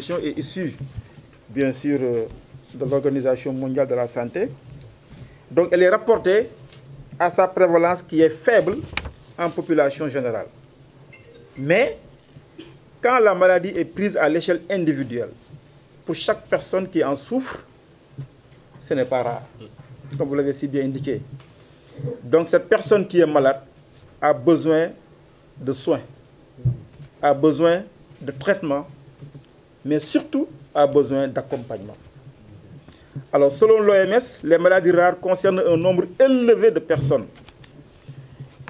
est issue, bien sûr, euh, de l'Organisation mondiale de la santé. Donc, elle est rapportée à sa prévalence qui est faible en population générale. Mais, quand la maladie est prise à l'échelle individuelle, pour chaque personne qui en souffre, ce n'est pas rare, comme vous l'avez si bien indiqué. Donc cette personne qui est malade a besoin de soins, a besoin de traitements mais surtout a besoin d'accompagnement. Alors, selon l'OMS, les maladies rares concernent un nombre élevé de personnes.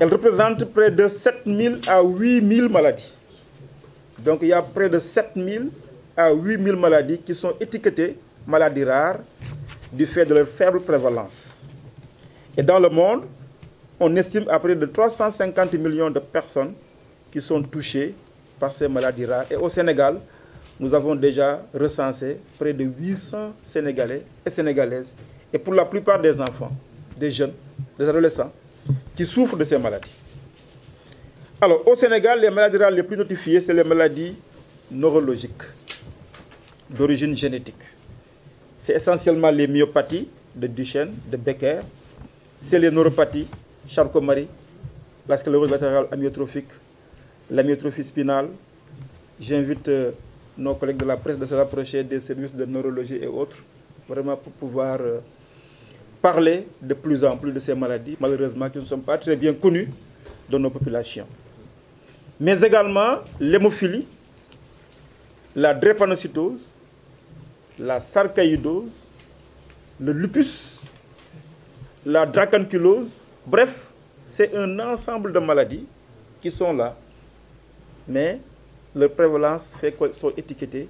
Elles représentent près de 7 000 à 8 000 maladies. Donc, il y a près de 7 000 à 8 000 maladies qui sont étiquetées maladies rares du fait de leur faible prévalence. Et dans le monde, on estime à près de 350 millions de personnes qui sont touchées par ces maladies rares. Et au Sénégal, nous avons déjà recensé près de 800 Sénégalais et Sénégalaises, et pour la plupart des enfants, des jeunes, des adolescents, qui souffrent de ces maladies. Alors, au Sénégal, les maladies les plus notifiées, c'est les maladies neurologiques, d'origine génétique. C'est essentiellement les myopathies de Duchenne, de Becker, c'est les neuropathies, Charcot-Marie, la sclérose latérale amyotrophique, l'amyotrophie spinale. J'invite euh, nos collègues de la presse de se rapprocher des services de neurologie et autres, vraiment pour pouvoir euh, parler de plus en plus de ces maladies, malheureusement qui ne sont pas très bien connues dans nos populations. Mais également l'hémophilie, la drépanocytose, la sarcaïdose, le lupus, la draconculose, bref, c'est un ensemble de maladies qui sont là, mais leur prévalence fait qu'elles sont étiquetées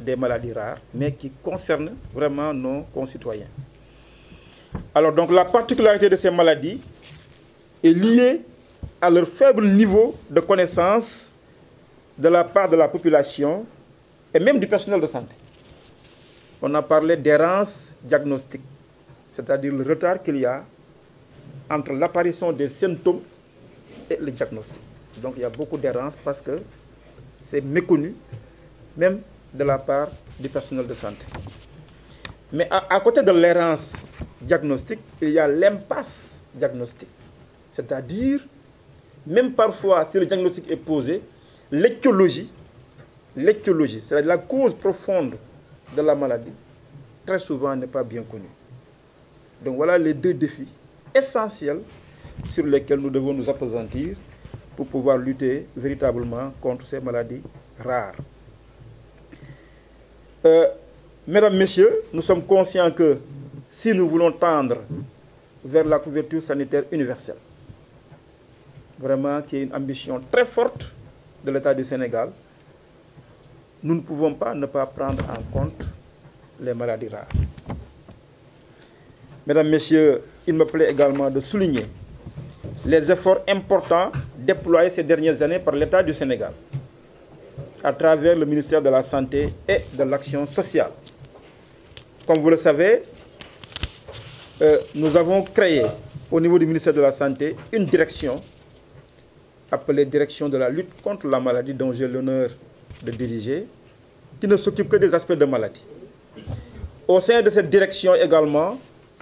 des maladies rares, mais qui concernent vraiment nos concitoyens. Alors donc la particularité de ces maladies est liée à leur faible niveau de connaissance de la part de la population et même du personnel de santé. On a parlé d'errance diagnostique, c'est-à-dire le retard qu'il y a entre l'apparition des symptômes et le diagnostic. Donc il y a beaucoup d'errance parce que c'est méconnu, même de la part du personnel de santé. Mais à, côté de l'errance diagnostique, il y a l'impasse diagnostique. C'est-à-dire, même parfois, si le diagnostic est posé, l'éthiologie, l'étiologie, c'est-à-dire la cause profonde de la maladie, très souvent n'est pas bien connue. Donc voilà les deux défis essentiels sur lesquels nous devons nous appesantir pour pouvoir lutter véritablement contre ces maladies rares. Euh, mesdames, Messieurs, nous sommes conscients que si nous voulons tendre vers la couverture sanitaire universelle, vraiment qui est une ambition très forte de l'État du Sénégal, nous ne pouvons pas ne pas prendre en compte les maladies rares. Mesdames, Messieurs, il me plaît également de souligner les efforts importants déployé ces dernières années par l'État du Sénégal à travers le ministère de la Santé et de l'Action sociale. Comme vous le savez, euh, nous avons créé au niveau du ministère de la Santé une direction appelée Direction de la lutte contre la maladie dont j'ai l'honneur de diriger, qui ne s'occupe que des aspects de maladie. Au sein de cette direction également,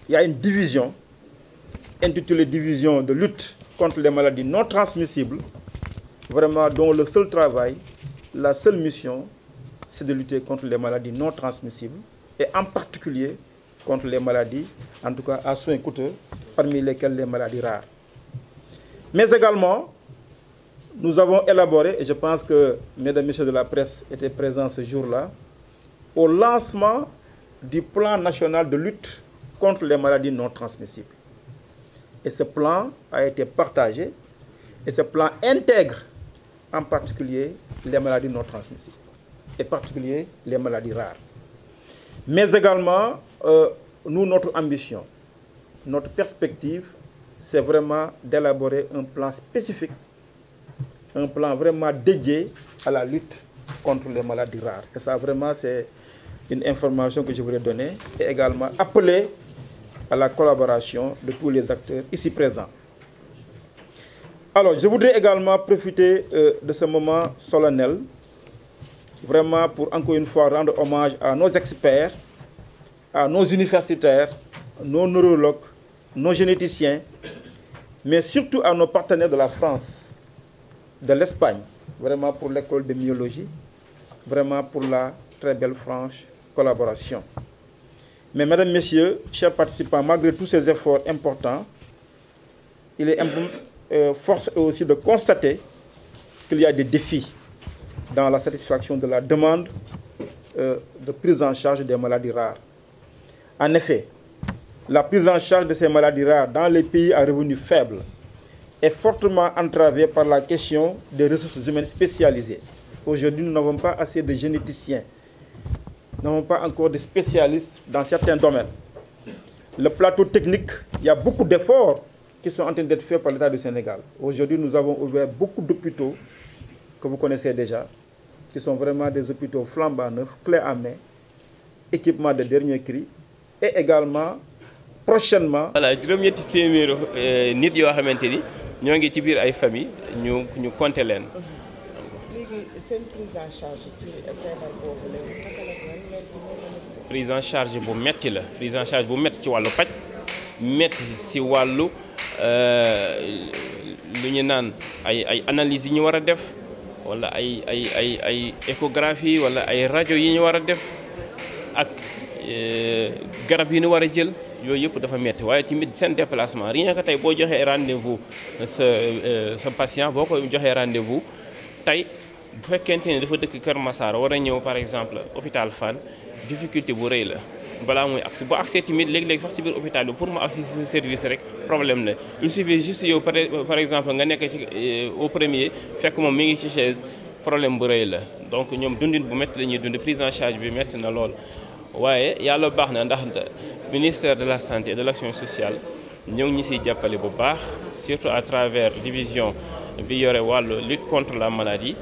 il y a une division intitulée Division de lutte contre les maladies non transmissibles, vraiment dont le seul travail, la seule mission, c'est de lutter contre les maladies non transmissibles, et en particulier contre les maladies, en tout cas à soins coûteux, parmi lesquelles les maladies rares. Mais également, nous avons élaboré, et je pense que mesdames et messieurs de la presse étaient présents ce jour-là, au lancement du plan national de lutte contre les maladies non transmissibles. Et ce plan a été partagé. Et ce plan intègre en particulier les maladies non transmissibles, et particulier les maladies rares. Mais également, euh, nous, notre ambition, notre perspective, c'est vraiment d'élaborer un plan spécifique, un plan vraiment dédié à la lutte contre les maladies rares. Et ça, vraiment, c'est une information que je voulais donner et également appeler à la collaboration de tous les acteurs ici présents. Alors, je voudrais également profiter euh, de ce moment solennel, vraiment pour encore une fois rendre hommage à nos experts, à nos universitaires, nos neurologues, nos généticiens, mais surtout à nos partenaires de la France, de l'Espagne, vraiment pour l'école de myologie, vraiment pour la très belle franche collaboration. Mais mesdames, messieurs, chers participants, malgré tous ces efforts importants, il est euh, force aussi de constater qu'il y a des défis dans la satisfaction de la demande euh, de prise en charge des maladies rares. En effet, la prise en charge de ces maladies rares dans les pays à revenus faibles est fortement entravée par la question des ressources humaines spécialisées. Aujourd'hui, nous n'avons pas assez de généticiens n'avons pas encore de spécialistes dans certains domaines. Le plateau technique, il y a beaucoup d'efforts qui sont en train d'être faits par l'État du Sénégal. Aujourd'hui, nous avons ouvert beaucoup d'hôpitaux que vous connaissez déjà, qui sont vraiment des hôpitaux flambants neufs, clés à main, équipements de dernier cri, et également prochainement. voilà prise en charge bu metti la prise en charge bu metti ci walu mettez metti si wàllu euh, lu ñu analyse ñu def wala ay ay ay échographie wala ay radio yi def ak euh, garab yi jël déplacement rien que rendez-vous ce euh, ce patient vous ko rendez-vous tay bu dafa dëkk Kër par exemple hôpital difficulté bu rëy la balaa muy accès bu accès timide léeg-léeg sax si biir hôpital bi pour mu accès si service rek problème la il suffit juste yow par exemple nga nekk ci euh, au premier fekk moom mi ngi ci chaise problème bu rëy la donc ñoom dundin bu métti la ñuy dund prise en charge bi métti na lool waaye yàlla baax na ndax ministère de la santé et de l'action sociale ñoo ñi ñu siy jàppale bu baax surtout à travers division bi yore wàllu lutte contre la maladie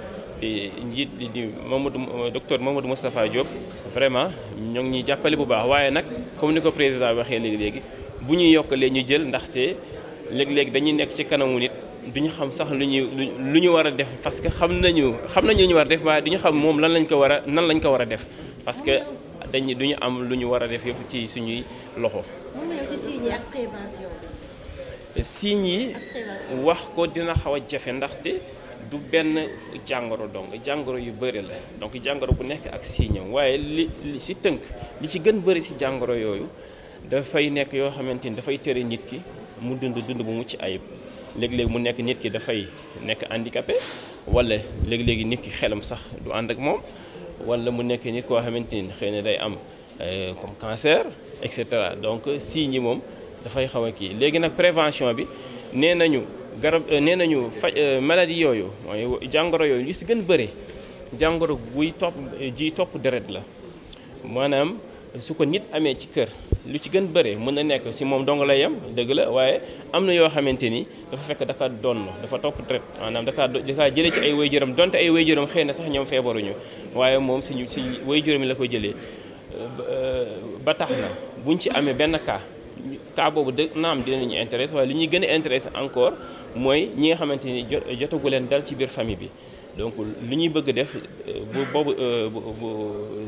njiit li di Mamadou docteur Mamadou Moustapha Diop vraiment ñoo ngi ñuy jàppale bu baax waaye nag comme ni ko président waxee léegi-léegi bu ñuy yokkalee ñu jël ndaxte léeg léegi dañuy nekk ci kanamu nit ñu xam sax lu ñuy lu ñu war a def parce que xam nañu xam nañu lu ñu war a def waaye duñu xam moom lan lañ ko war a nan lañ ko war a def parce que dañu duñu am lu ñu war a def yëpp ci suñuy loxo. signes yi wax ko dina xaw jafe ndaxte. du ben jangoro dong jangoro yu beure la donc jangoro bu nek ak siiñam waye li ci teunk li ci gën beure ci jangoro yoyu da fay nek yo xamanteni da fay tere nit ki mu dund dund bu mucc ayib leg leg mu nek nit ki da fay nek handicapé wala leg leg nit ki xelam sax du and ak mom wala mu nek nit ko xamanteni xeyna day am euh, comme cancer et cetera donc siiñ mom da fay xawa ki kii nak prévention bi nee garab euh, nee nañu faj euh, maladie yooyu waaye jàngoro yooyu li si gën bëri jàngoro buy topp ji topp deret la maanaam su ko nit amee ci kër lu ci gën bëre mën na nekk si moom dong la yem dëgg la waaye am na yoo xamante ni dafa fekk dafa doon dafa topp deret maanaam dafa dafa jëlee ci ay jëram donte ay waajuram xëy na sax ñoom feebaruñu waaye moom si si waajuram la ko jëlee euh, ba tax na buñ ci amee benn kaa cas boobu dë naam dinañu intéressé way li ñuy gën intéressé encore moy ñi nga xamanteni ni jotagu leen dal ci biir famille bi donc li ñuy bëgg def euh, bu boobu euh,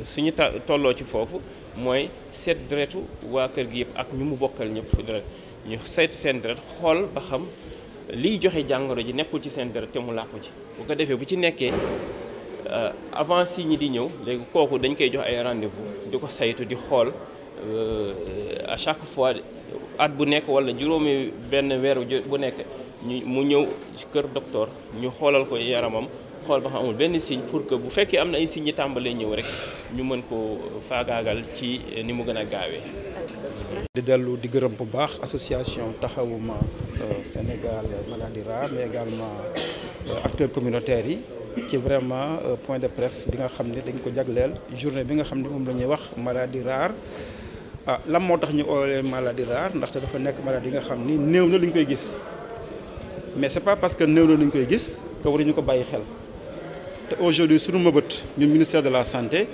suñu ta ci fofu moy set dretu wa kër gi yëpp ak ñu mu bokkal ñëpp dret ñu set sen dret xol ba xam li joxe jangoro ji nekkul ci sen dret te mu lapp ci bu ko defee bu ci nekkee euh, avant si ñi di ñëw légui koku dañ koy jox ay rendez-vous diko saytu di xol Euh, à chaque fois at bu nek wala juromi ben weeru bu nekk mu ci kër docteur ñu xolal ko yaramam xol ba xam amul benn signe pour que bu fekkee amna ay signe tambalé ñew rek ñu mën ko fagaagal ci ni mu gëna gaawé di di gërëm bu baax association taxawuma euh, Sénégal maladie rare mais également euh, acteur communautaire yi ci vraiment point de presse bi nga xamné dañ ko jaglél journée bi nga xamné mom lañuy wax maladie rare. ah lan moo tax ñu oolee maladie rare ndaxte dafa nekk maladie nga xam ni néew na lu ñu koy gis mais c'est pas parce que néew na lu ñu koy gis que waruñu ko bàyyi xel te aujourd'hui suñu mëbët ñun ministère de la santé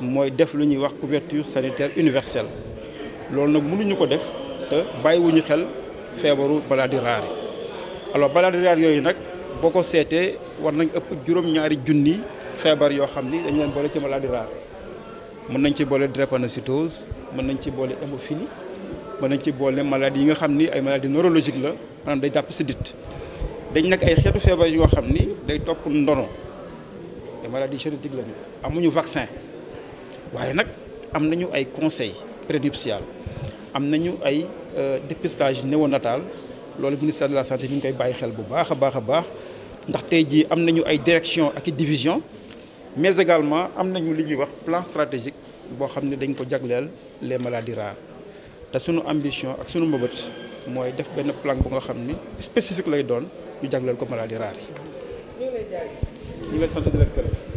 mooy def lu ñuy wax couverture sanitaire universelle loolu nag mënuñu ko def te bàyyiwuñu xel feebaru maladie rare yi alors maladie rare yooyu nag boo ko seetee war nañ ëpp juróom-ñaari junni feebar yoo xam ni dañu leen boole ci maladie rare mën nañ ci boole drépanocytose mën nañ ci boole hémophilie mën nañ ci boole maladie yi nga xam ni ay maladie neurologique la maanaam day jàpp dit dañ nekk ay xeetu feebar yoo xam ni day topp ndono ay maladie génétique la ñu amuñu vaccin waaye nag am nañu ay conseil prénuptial am nañu ay euh, dépistage néonatal loolu ministère de la santé ñu ngi koy bàyyi xel bu baax a baax a baax ndax tey jii am nañu ay direction ak division mais également am nañu li ñuy wax plan stratégique boo xam ne dañ ko jagleel les maladies rares te sunu ambition ak sunu mbëbët mooy def benn plan bu nga xam ni spécifique lay doon ñu jagleel ko maladies rares yi. ñu ngi lay sant di